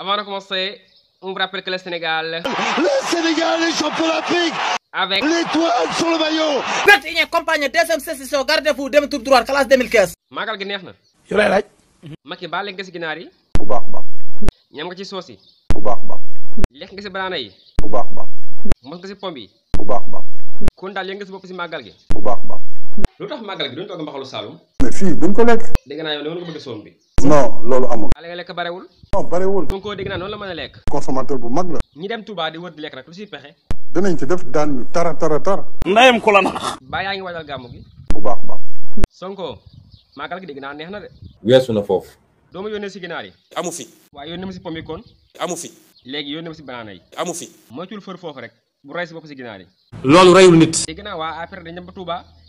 Avant de commencer, on vous rappelle que le Sénégal. Le Sénégal est champion d'Afrique Avec. L'étoile sur le maillot 21 campagne, deuxième session, gardez-vous, demi tour droit, classe 2015. Magal gi neex na. yow lay laaj. Macky baa lekk nga si ginaar yi. bu baax baax. ñam nga ci soos bu baax baax. lekk nga yi. bu baax baax. mos nga Pombi. bu baax baax. kon daal yëngal si lu tax màggal gi duñ togg mbaxalu Saloum. mais fii duñ ko lekk. dégg naa yow noonu nga bëgg soom bi. non loolu amul. xale lekk barewul. barewul. donc dégg naa noonu la mën a lekk. consommateur bu mag la. ñi dem Touba di wër di lekk nag lu siy pexe. danañ ci def daan ñu la baa yaa ngi waajal gàmmu gi. bu baax baax. Sonko màggal gi dégg naa neex na de. weesu na foofu. doo ma yónnee si ginaar yi. amu fi. waaye yónnee ma si pomme amu fi. léegi yónnee ma si banaana yi. amu fi. moytuwul fër foofu rek bu rey si bopp si ginaar yi. loolu reyul nit. dégg naa waa après